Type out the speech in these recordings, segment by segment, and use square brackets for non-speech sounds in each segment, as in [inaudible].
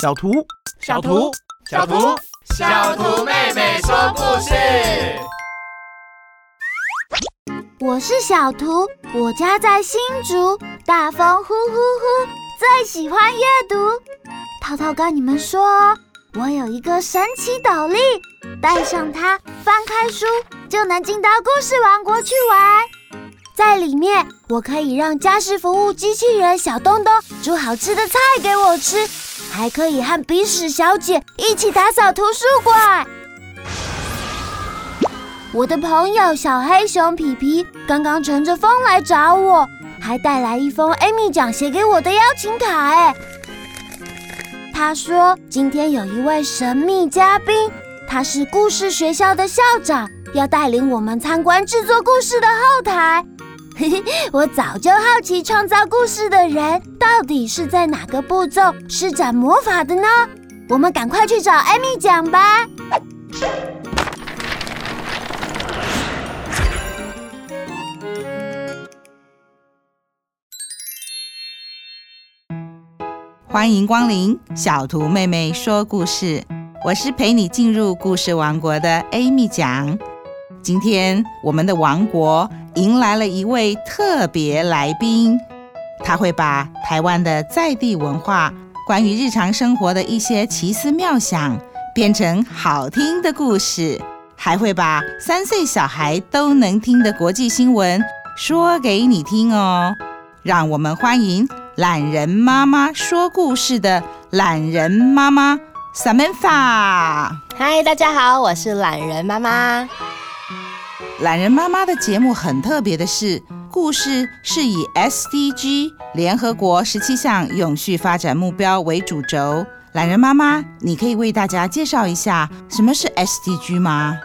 小圖，小圖，小圖，小圖，小圖妹妹說故事。我是小圖，我家在新竹，大風呼呼呼，最喜歡閱讀。濤濤跟你們說，哦，我有一個神奇斗笠，戴上它，翻開書，就能進到故事王國去玩。在裡面，我可以讓家事服務機器人小東東煮好吃的菜給我吃，還可以和鼻屎小姐一起打掃圖書館。我的朋友小黑熊皮皮剛剛乘着風來找我，還帶來一封 Amy 講寫給我的邀請卡。他說今天有一位神秘嘉賓，他是故事學校的校長，要帶領我們參觀制作故事的後台。嘿嘿， [laughs] 我早就好奇創造故事的人到底是在哪個步驟施展魔法的呢？我們趕快去找 Amy 講吧。歡迎光臨，小圖妹妹說故事，我是陪你進入故事王國的 Amy 講。今天我們的王國迎來了一位特別來賓，他會把台灣的在地文化、關於日常生活的一些奇思妙想變成好聽的故事，還會把三歲小孩都能聽的國際新聞說給你聽哦。讓我們歡迎欖仁媽媽說故事的欖仁媽媽 Samantha。嗨，大家好，我是欖仁媽媽。欖仁媽媽的節目很特別的是，故事是以 S D G 聯合國十七項永續發展目標為主軸。欖仁媽媽，你可以為大家介紹一下什麼是 S D G 嗎？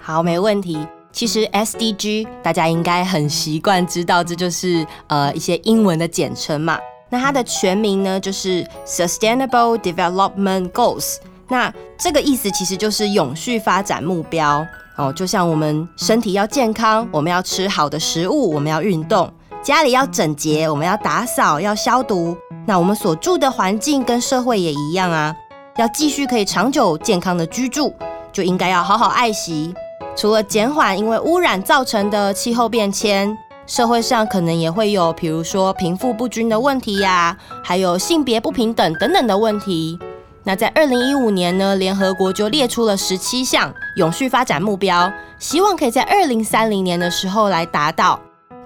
好，沒問題。其實 S D G 大家應該很習慣知道，這就是呃一些英文的簡稱嘛。那它的全名呢，就是 Sustainable Development Goals。那這個意思其實就是永續發展目標。哦，就像我們身體要健康，我們要吃好的食物，我們要運動，家裡要整潔，我們要打掃、要消毒。那我們所住的環境跟社會也一樣啊，要繼續可以長久健康的居住，就應該要好好愛惜。除了減緩因為污染造成的氣候變遷，社會上可能也會有，比如說貧富不均的問題呀、啊，還有性別不平等等等的問題。那在二零一五年呢，聯合國就列出了十七項永續發展目標，希望可以在二零三零年的時候來達到。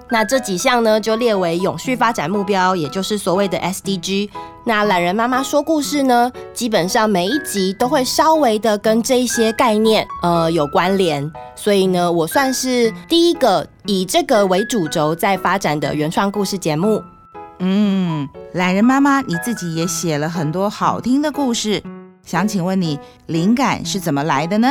那這幾項呢，就列為永續發展目標，也就是所謂的 SDG。那欖仁媽媽說故事呢，基本上每一集都會稍微的跟這一些概念呃有關聯，所以呢，我算是第一個以這個為主軸在發展的原創故事節目。嗯，欖仁媽媽，你自己也寫了很多好聽的故事，想請問你靈感是怎麼來的呢？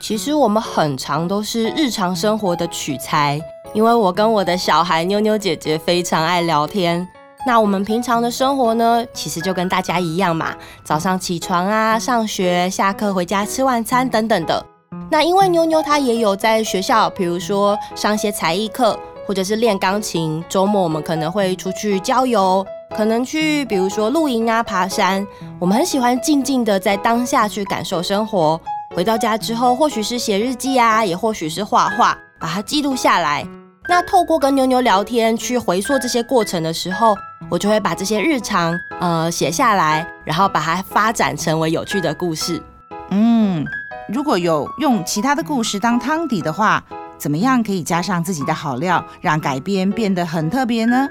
其實我們很常都是日常生活的取材，因為我跟我的小孩妞妞姐姐非常愛聊天。那我們平常的生活呢，其實就跟大家一樣嘛，早上起床啊，上學，下課回家吃晚餐等等的。那因為妞妞她也有在學校，比如說上些才藝課。或者是練鋼琴，周末我們可能會出去郊遊，可能去比如說露營啊、爬山。我們很喜歡靜靜的在當下去感受生活。回到家之後，或許是寫日記啊，也或許是畫畫，把它記錄下來。那透過跟牛牛聊天去回溯這些過程的時候，我就會把這些日常呃寫下來，然後把它發展成為有趣的故事。嗯，如果有用其他的故事當湯底的話，怎麼樣可以加上自己的好料，讓改編變得很特別呢？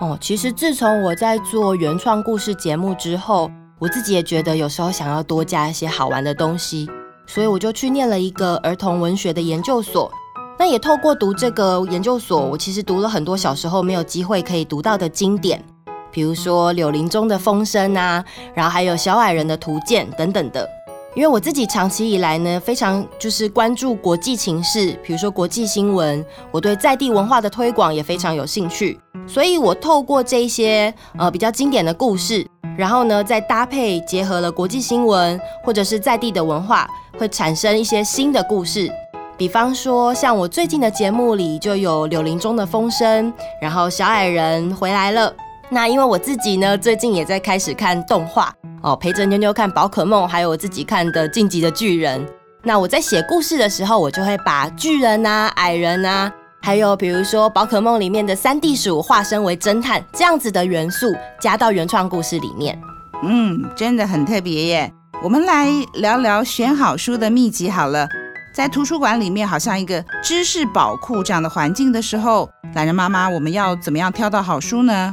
哦，其實自從我在做原創故事節目之後，我自己也覺得有時候想要多加一些好玩的東西，所以我就去念了一個兒童文學的研究所。那也透過讀這個研究所，我其實讀了很多小時候沒有機會可以讀到的經典，比如說《柳林中的風聲》啊，然後還有《小矮人的圖鑑》等等的。因為我自己長期以來呢，非常就是關注國際情勢，比如說國際新聞，我對在地文化的推廣也非常有興趣，所以我透過這一些呃比較經典的故事，然後呢再搭配結合了國際新聞或者是在地的文化，會產生一些新的故事。比方說，像我最近的節目裡就有《柳林中的風聲》，然後《小矮人回來了》。那因為我自己呢，最近也在開始看動畫哦，陪着妞妞看《寶可夢》，還有我自己看的《進擊的巨人》。那我在寫故事的時候，我就會把巨人啊、矮人啊，還有比如說《寶可夢》裡面的三地鼠，化身為偵探這樣子的元素，加到原創故事裡面。嗯，真的很特別耶！我們來聊聊選好書的秘籍好了。在圖書館裡面，好像一個知識寶庫這樣的環境的時候，欖仁媽媽，我們要怎麼樣挑到好書呢？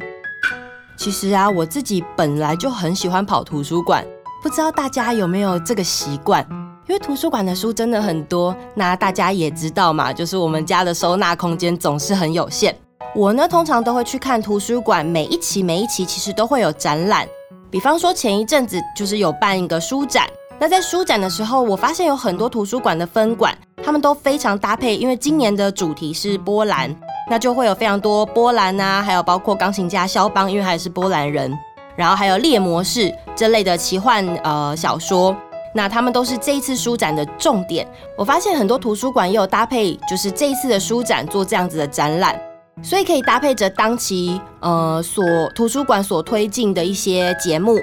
其實啊，我自己本來就很喜歡跑圖書館，不知道大家有沒有這個習慣？因為圖書館的書真的很多，那大家也知道嘛，就是我們家的收納空間總是很有限。我呢，通常都會去看圖書館，每一期每一期其實都會有展覽。比方說前一陣子就是有辦一個書展，那在書展的時候，我發現有很多圖書館的分館，他們都非常搭配，因為今年的主題是波蘭。那就會有非常多波蘭啊，還有包括鋼琴家肖邦，因為他也是波蘭人，然後還有《獵魔士》這類的奇幻呃小說，那他們都是這一次書展的重點。我發現很多圖書館也有搭配，就是這一次的書展做這樣子的展覽，所以可以搭配着當期呃所圖書館所推進的一些節目，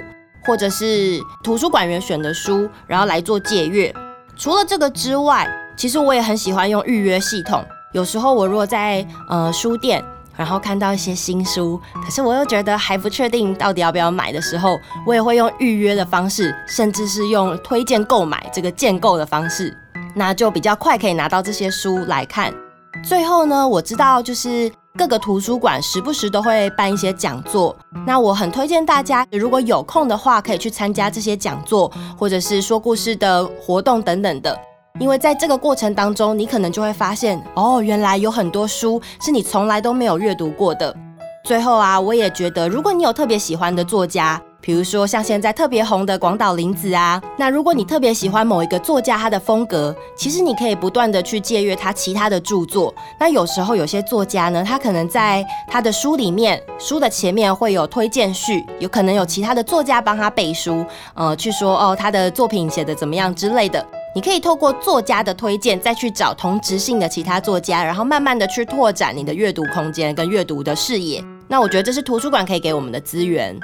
或者是圖書館員選的書，然後來做借閱。除了這個之外，其實我也很喜歡用預約系統。有時候我如果在呃書店，然後看到一些新書，可是我又覺得還不確定到底要不要買的時候，我也會用預約的方式，甚至是用推薦購買這個薦購的方式，那就比較快可以拿到這些書來看。最後呢，我知道就是各個圖書館時不時都會辦一些講座，那我很推薦大家如果有空的話，可以去參加這些講座，或者是說故事的活動等等的。因為在這個過程當中，你可能就會發現，哦，原來有很多書是你從來都沒有閱讀過的。最後啊，我也覺得，如果你有特別喜歡的作家，比如說像現在特別紅的廣嶋玲子啊，那如果你特別喜歡某一個作家他的風格，其實你可以不斷的去借閱他其他的著作。那有時候有些作家呢，他可能在他的書裡面，書的前面會有推薦序，有可能有其他的作家幫他背書，呃，去說，哦，他的作品寫的怎麼樣之類的。你可以透過作家的推薦，再去找同質性的其他作家，然後慢慢的去拓展你的閱讀空間跟閱讀的視野。那我覺得這是圖書館可以給我們的資源。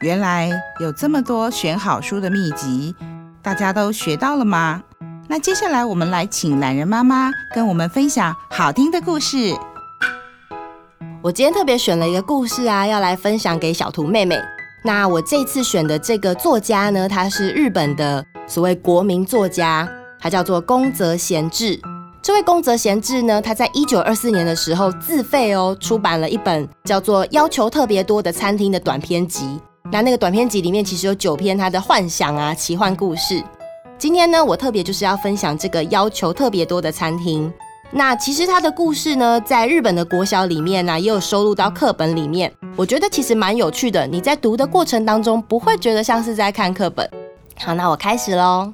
原來有這麼多選好書的秘籍，大家都學到了嗎？那接下來我們來請欖仁媽媽跟我們分享好聽的故事。我今天特別選了一個故事啊，要來分享給小圖妹妹。那我這次選的這個作家呢，他是日本的。所謂國民作家，他叫做宮澤賢治。這位宮澤賢治呢，他在一九二四年的時候自費哦出版了一本叫做《要求特別多的餐廳》的短篇集。那那個短篇集裡面其實有九篇他的幻想啊奇幻故事。今天呢，我特別就是要分享這個《要求特別多的餐廳》。那其實他的故事呢，在日本的國小裡面呢、啊，也有收錄到課本裡面。我覺得其實蠻有趣的，你在讀的過程當中不會覺得像是在看課本。好，那我開始嘍。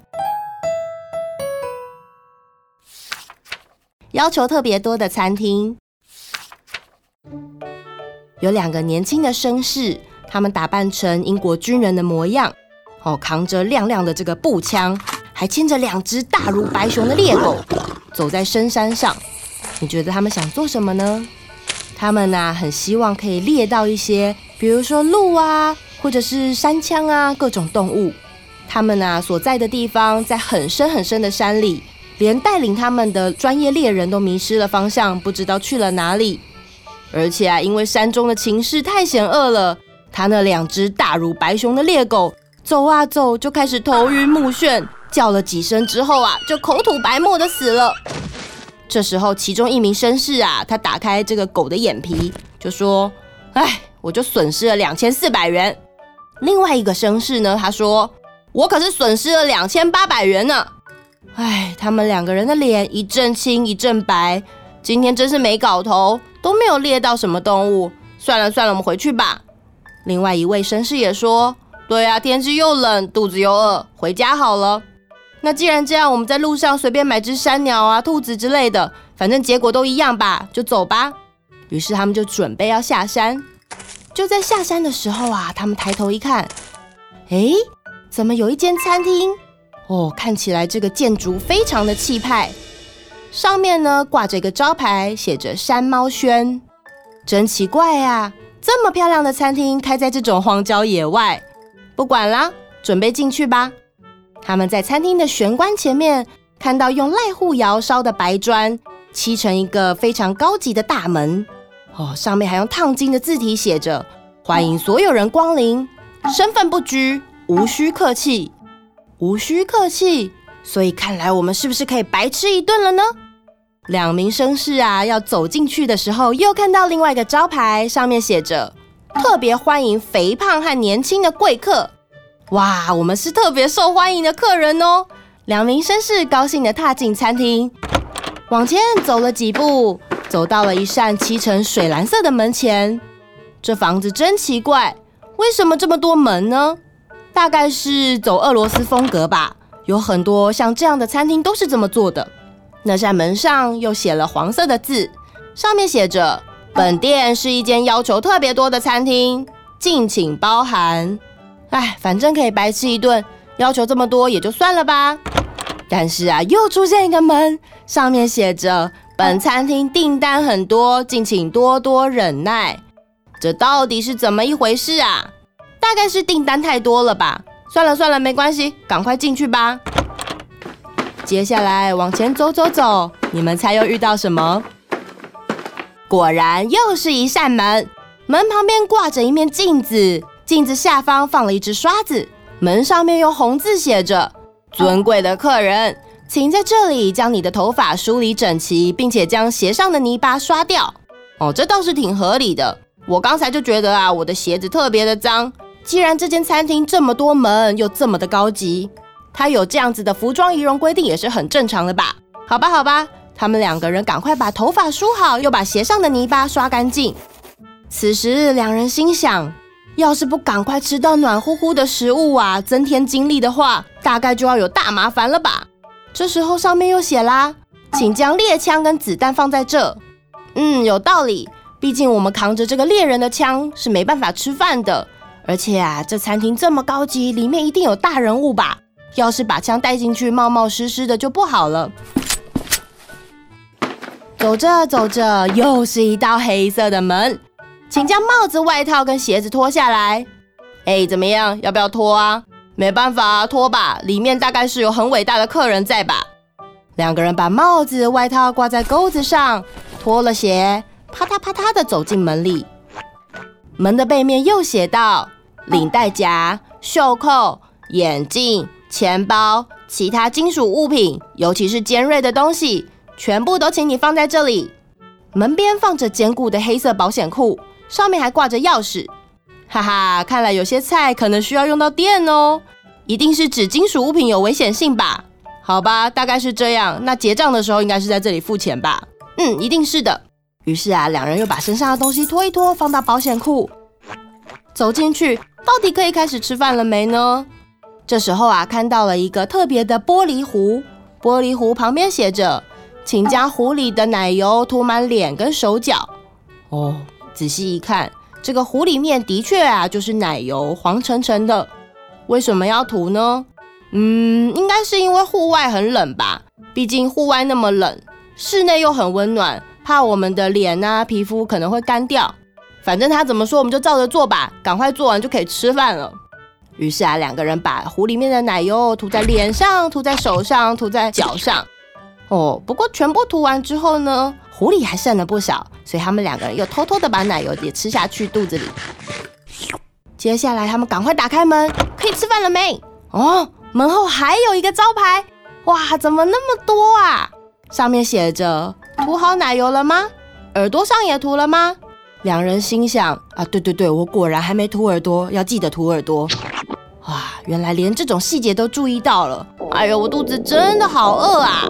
要求特別多的餐廳，有兩個年輕的紳士，他們打扮成英國軍人的模樣，哦，扛着亮亮的這個步槍，還牽着兩隻大如白熊的獵狗，走在深山上。你覺得他們想做什麼呢？他們啊，很希望可以獵到一些，比如說鹿啊，或者是山羌啊，各種動物。他們啊，所在的地方在很深很深的山裡，連帶領他們的專業獵人都迷失了方向，不知道去了哪裡。而且啊，因為山中的情勢太險惡了，他那兩隻大如白熊的獵狗走啊走，就開始頭暈目眩，叫了幾聲之後啊，就口吐白沫的死了。這時候，其中一名紳士啊，他打開這個狗的眼皮，就說：“唉，我就損失了兩千四百元。”另外一個紳士呢，他說。我可是損失了兩千八百元呢！哎，他們兩個人的臉一陣青一陣白，今天真是沒搞頭，都沒有獵到什麼動物。算了算了，我們回去吧。另外一位紳士也說：“對啊，天氣又冷，肚子又餓，回家好了。”那既然這樣，我們在路上隨便買隻山鳥啊、兔子之類的，反正結果都一樣吧，就走吧。於是他們就準備要下山。就在下山的時候啊，他們抬頭一看，哎。怎麼有一間餐廳？哦，看起來這個建築非常的氣派，上面呢掛着一個招牌，寫着“山貓軒”。真奇怪呀、啊，這麼漂亮的餐廳開在這種荒郊野外。不管啦，準備進去吧。他們在餐廳的玄關前面看到用瀨戶窯燒的白磚砌成一個非常高級的大門。哦，上面還用燙金的字體寫着“歡迎所有人光臨，嗯、身份不拘。」無需客氣，無需客氣，所以看來我們是不是可以白吃一頓了呢？兩名紳士啊，要走進去的時候，又看到另外一個招牌，上面寫着“特別歡迎肥胖和年輕的貴客”。哇，我們是特別受歡迎的客人哦！兩名紳士高興地踏進餐廳，往前走了幾步，走到了一扇漆成水藍色的門前。這房子真奇怪，為什麼這麼多門呢？大概是走俄羅斯風格吧，有很多像這樣的餐廳都是這麼做的。那扇門上又寫了黃色的字，上面寫着：“本店是一間要求特別多的餐廳，敬請包涵。”哎，反正可以白吃一頓，要求這麼多也就算了吧。但是啊，又出現一個門，上面寫着：“本餐廳訂單很多，敬請多多忍耐。”這到底是怎麼一回事啊？大概是訂單太多了吧。算了算了，沒關係，趕快進去吧。接下來往前走走走，你們猜又遇到什麼？果然又是一扇門，門旁邊掛着一面鏡子，鏡子下方放了一支刷子，門上面用紅字寫着：“尊貴的客人，請在這裡將你的頭髮梳理整齊，並且將鞋上的泥巴刷掉。”哦，這倒是挺合理的。我剛才就覺得啊，我的鞋子特別的髒。既然這間餐廳這麼多門，又這麼的高級，他有這樣子的服裝儀容規定也是很正常的吧？好吧，好吧，他們兩個人趕快把頭髮梳好，又把鞋上的泥巴刷乾淨。此時，兩人心想，要是不趕快吃到暖乎乎的食物啊，增添精力的話，大概就要有大麻煩了吧？這時候上面又寫啦，請將獵槍跟子彈放在這。嗯，有道理，畢竟我們扛着這個獵人的槍是沒辦法吃飯的。而且啊，這餐廳這麼高級，裡面一定有大人物吧？要是把槍帶進去，冒冒失失的就不好了。走着走着，又是一道黑色的門，請將帽子、外套跟鞋子脫下來。哎，怎麼樣？要不要脫啊？沒辦法，脫吧。裡面大概是有很偉大的客人在吧？兩個人把帽子、外套掛在鈎子上，脫了鞋，啪嗒啪嗒的走進門裡。門的背面又寫道。領帶夾、袖釦、眼鏡、錢包、其他金屬物品，尤其是尖銳的東西，全部都請你放在這裡。門邊放着堅固的黑色保險庫，上面還掛着鑰匙。哈哈，看來有些菜可能需要用到電哦。一定是指金屬物品有危險性吧？好吧，大概是這樣。那結賬的時候應該是在這裡付錢吧？嗯，一定是的。於是啊，兩人又把身上的東西脫一脫，放到保險庫。走進去，到底可以開始吃飯了沒呢？這時候啊，看到了一個特別的玻璃壺，玻璃壺旁邊寫着：“請將壺裡的奶油塗滿臉跟手腳。”哦，仔細一看，這個壺裡面的確啊就是奶油，黃澄澄的。為什麼要塗呢？嗯，應該是因為戶外很冷吧？畢竟戶外那麼冷，室內又很溫暖，怕我們的臉啊皮膚可能會乾掉。反正他怎麼說，我們就照着做吧。趕快做完就可以吃飯了。於是啊，兩個人把壺裡面的奶油塗在臉上，塗在手上，塗在腳上。哦，不過全部塗完之後呢，壺裡還剩了不少，所以他們兩個人又偷偷的把奶油也吃下去肚子裡。接下來他們趕快打開門，可以吃飯了沒？哦，門後還有一個招牌。哇，怎麼那麼多啊？上面寫着：塗好奶油了嗎？耳朵上也塗了嗎？兩人心想啊，對對對，我果然還沒塗耳朵，要記得塗耳朵。哇、啊，原來連這種細節都注意到了。哎呦，我肚子真的好餓啊！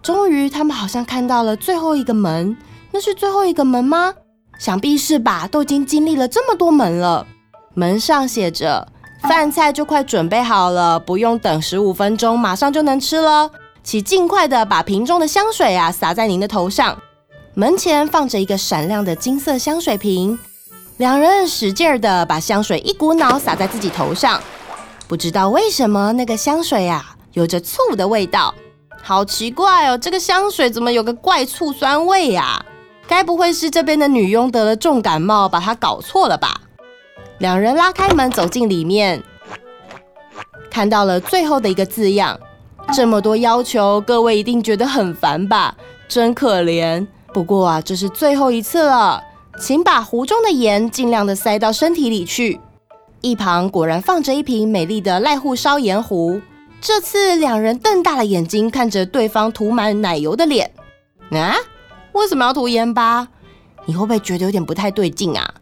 終於，他們好像看到了最後一個門。那是最後一個門嗎？想必是吧，都已經經歷了這麼多門了。門上寫着：飯菜就快準備好了，不用等十五分鐘，馬上就能吃了。請盡快的把瓶中的香水啊撒在您的頭上。門前放着一個閃亮的金色香水瓶，兩人使勁的把香水一股腦灑在自己頭上。不知道為什麼那個香水呀，有着醋的味道，好奇怪哦！這個香水怎麼有個怪醋酸味呀？該不會是這邊的女傭得了重感冒，把它搞錯了吧？兩人拉開門走進裡面，看到了最後的一個字樣：這麼多要求，各位一定覺得很煩吧？真可憐。不過啊，這是最後一次了，請把壺中的鹽盡量的塞到身體裡去。一旁果然放着一瓶美麗的瀨戶燒鹽壺。這次兩人瞪大了眼睛看着對方塗滿奶油的臉。啊？為什麼要塗鹽巴？你會不會覺得有點不太對勁啊？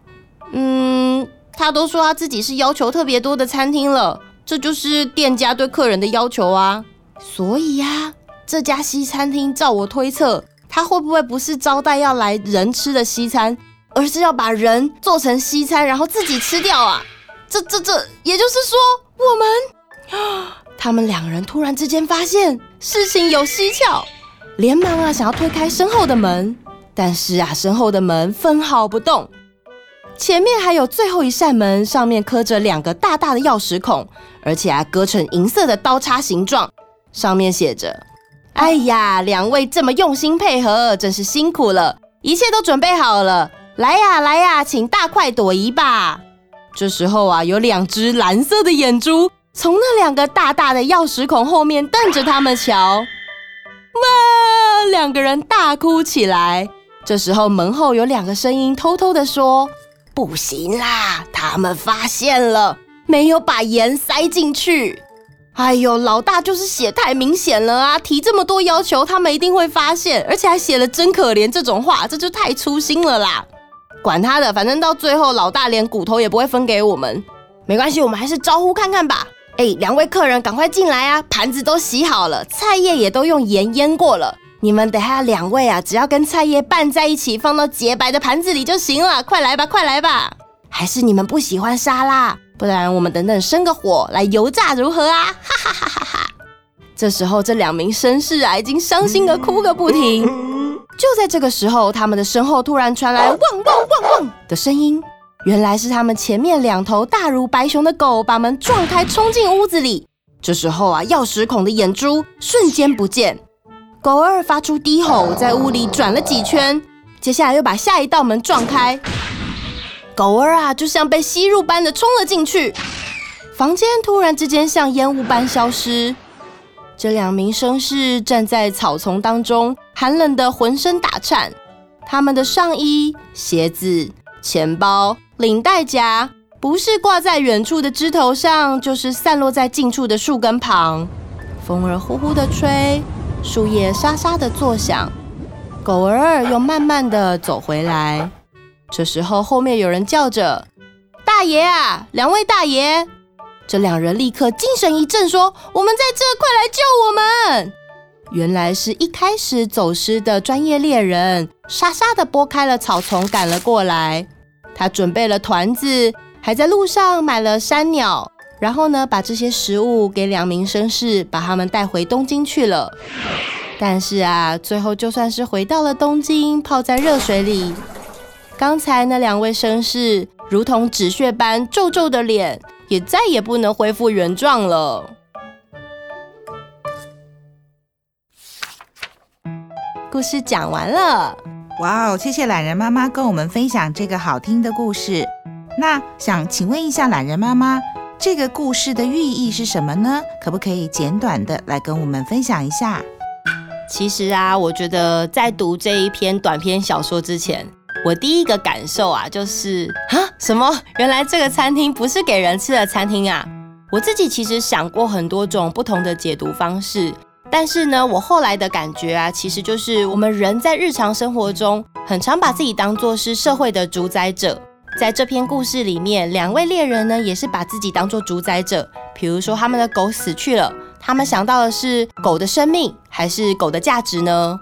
嗯，他都說他自己是要求特別多的餐廳了，這就是店家對客人的要求啊。所以呀、啊，這家西餐廳，照我推測。他會不會不是招待要來人吃的西餐，而是要把人做成西餐，然後自己吃掉啊？這這這，也就是說，我們啊，他們兩個人突然之間發現事情有蹊蹺，連忙啊想要推開身後的門，但是啊身後的門分毫不動，前面還有最後一扇門，上面刻着兩個大大的鑰匙孔，而且啊刻成銀色的刀叉形狀，上面寫着。哎呀，兩位這麼用心配合，真是辛苦了。一切都準備好了，來呀來呀，請大快朵頤吧。這時候啊，有兩只藍色的眼珠從那兩個大大的鑰匙孔後面瞪着他們瞧。媽，兩個人大哭起來。這時候門後有兩個聲音偷偷地說：“不行啦，他們發現了，沒有把鹽塞進去。”哎呦，老大就是寫太明顯了啊！提這麼多要求，他們一定會發現，而且還寫了“真可憐”這種話，這就太粗心了啦！管他的，反正到最後老大連骨頭也不會分給我們。沒關係，我們還是招呼看看吧。哎、欸，兩位客人，趕快進來啊！盤子都洗好了，菜葉也都用鹽醃過了。你們等下兩位啊，只要跟菜葉拌在一起，放到潔白的盤子裡就行了。快來吧，快來吧！還是你們不喜歡沙拉？不然我們等等生個火來油炸如何啊？哈哈哈哈哈！這時候，這兩名紳士啊，已經傷心地哭個不停。就在這個時候，他們的身後突然傳來汪汪汪汪的聲音，原來是他們前面兩頭大如白熊的狗把門撞開，衝進屋子裡。這時候啊，鑰匙孔的眼珠瞬間不見。狗兒發出低吼，在屋裡轉了幾圈，接下來又把下一道門撞開。狗兒啊，就像被吸入般的衝了進去，房間突然之間像煙霧般消失。這兩名紳士站在草叢當中，寒冷的渾身打顫。他們的上衣、鞋子、錢包、領帶夾，不是掛在遠處的枝頭上，就是散落在近處的樹根旁。風兒呼呼的吹，樹葉沙沙的作響。狗兒又慢慢的走回來。這時候，後面有人叫着：“大爺啊，兩位大爺！”這兩人立刻精神一振，說：“我們在這，快來救我們！”原來是一開始走失的專業獵人，沙沙地撥開了草叢，趕了過來。他準備了團子，還在路上買了山鳥，然後呢，把這些食物給兩名紳士，把他們帶回東京去了。但是啊，最後就算是回到了東京，泡在熱水裡。剛才那兩位紳士如同紙屑般皺皺的臉，也再也不能恢復原狀了。故事講完了。哇哦！謝謝欖仁媽媽跟我們分享這個好聽的故事。那想請問一下，欖仁媽媽，這個故事的寓意是什麼呢？可不可以簡短的來跟我們分享一下？其實啊，我覺得在讀這一篇短篇小說之前。我第一個感受啊，就是啊，什麼？原來這個餐廳不是給人吃的餐廳啊！我自己其實想過很多種不同的解讀方式，但是呢，我後來的感覺啊，其實就是我們人在日常生活中，很常把自己當做是社會的主宰者。在這篇故事裡面，兩位獵人呢，也是把自己當做主宰者。比如說，他們的狗死去了，他們想到的是狗的生命，還是狗的價值呢？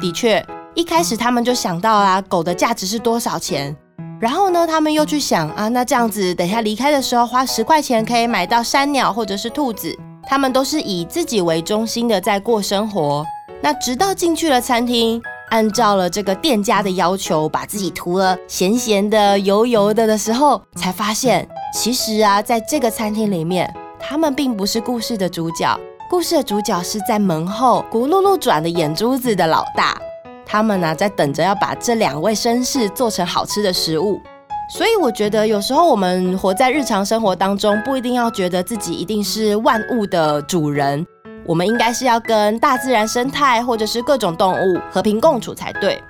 的確。一開始他們就想到啊，狗的價值是多少錢？然後呢，他們又去想啊，那這樣子等一下離開的時候，花十塊錢可以買到山鳥或者是兔子。他們都是以自己為中心的在過生活。那直到進去了餐廳，按照了這個店家的要求，把自己塗了鹹鹹的、油油的的時候，才發現其實啊，在這個餐廳裡面，他們並不是故事的主角。故事的主角是在門後咕嚕嚕轉的眼珠子的老大。他們呢、啊，在等着要把這兩位紳士做成好吃的食物，所以我覺得有時候我們活在日常生活當中，不一定要覺得自己一定是萬物的主人，我們應該是要跟大自然生態或者是各種動物和平共處才對。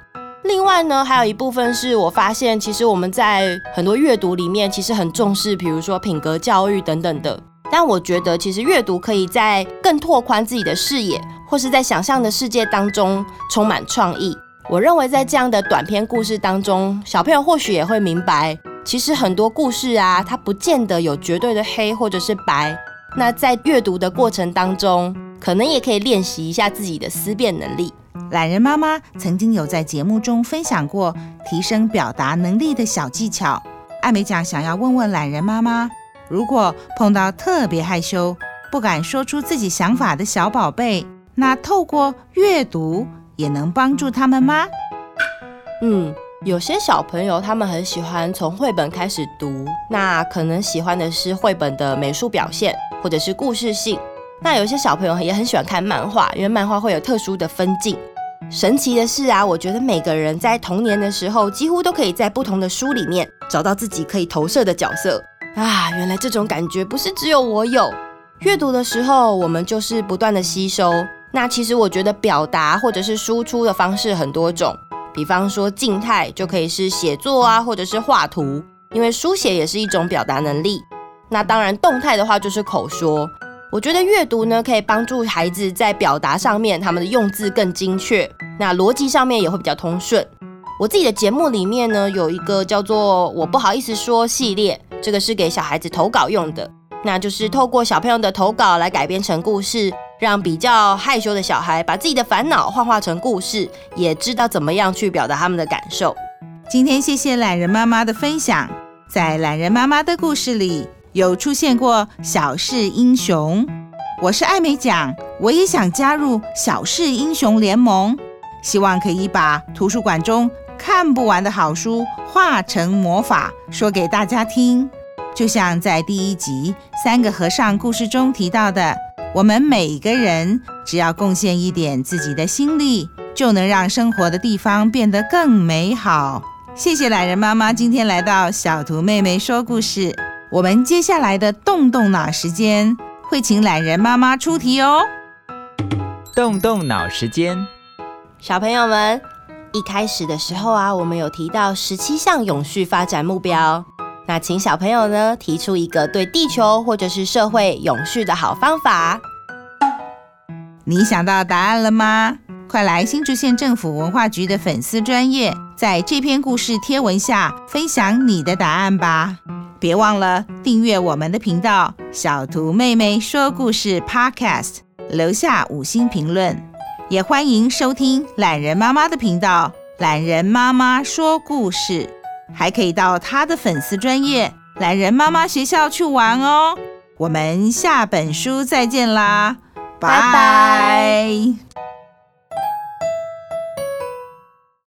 另外呢，還有一部分是我發現，其實我們在很多閱讀裡面，其實很重視，比如說品格教育等等的。但我覺得，其實閱讀可以再更拓寬自己的視野。或是在想象的世界當中充滿創意。我認為在這樣的短篇故事當中，小朋友或許也會明白，其實很多故事啊，它不見得有絕對的黑或者是白。那在閱讀的過程當中，可能也可以練習一下自己的思辨能力。欖仁媽媽曾經有在節目中分享過提升表達能力的小技巧。Amy 講想要問問欖仁媽媽，如果碰到特別害羞、不敢說出自己想法的小寶貝。那透過閱讀也能幫助他們嗎？嗯，有些小朋友他們很喜歡從繪本開始讀，那可能喜歡的是繪本的美術表現或者是故事性。那有些小朋友也很喜歡看漫畫，因為漫畫會有特殊的分鏡。神奇的是啊，我覺得每個人在童年的時候幾乎都可以在不同的書裡面找到自己可以投射的角色啊，原來這種感覺不是只有我有。閱讀的時候，我們就是不斷的吸收。那其實我覺得表達或者是輸出的方式很多種，比方說靜態就可以是寫作啊，或者是畫圖，因為書寫也是一種表達能力。那當然動態的話就是口說。我覺得閱讀呢，可以幫助孩子在表達上面，他們的用字更精確，那邏輯上面也會比較通順。我自己的節目裡面呢，有一個叫做“我不好意思說”系列，這個是給小孩子投稿用的，那就是透過小朋友的投稿來改編成故事。讓比較害羞的小孩把自己的煩惱幻化成故事，也知道怎麼樣去表達他們的感受。今天謝謝欖仁媽媽的分享，在欖仁媽媽的故事裡有出現過小事英雄。我是艾美講，我也想加入小事英雄聯盟，希望可以把圖書館中看不完的好書化成魔法，說給大家聽。就像在第一集《三個和尚》故事中提到的。我們每個人只要貢獻一點自己的心力，就能讓生活的地方變得更美好。謝謝欖仁媽媽今天來到小圖妹妹說故事。我們接下來的動動腦時間會請欖仁媽媽出題哦。動動腦時間，小朋友們，一開始的時候啊，我們有提到十七項永續發展目標。那請小朋友呢提出一個對地球或者是社會永續的好方法。你想到答案了嗎？快來新竹縣政府文化局的粉絲專頁，在這篇故事貼文下分享你的答案吧！別忘了訂閱我們的頻道“小圖妹妹說故事 Podcast”，留下五星評論，也歡迎收聽欖仁媽媽的頻道“欖仁媽媽說故事”。還可以到他的粉絲專頁欖仁媽媽學校去玩哦。我們下本書再見啦，拜拜。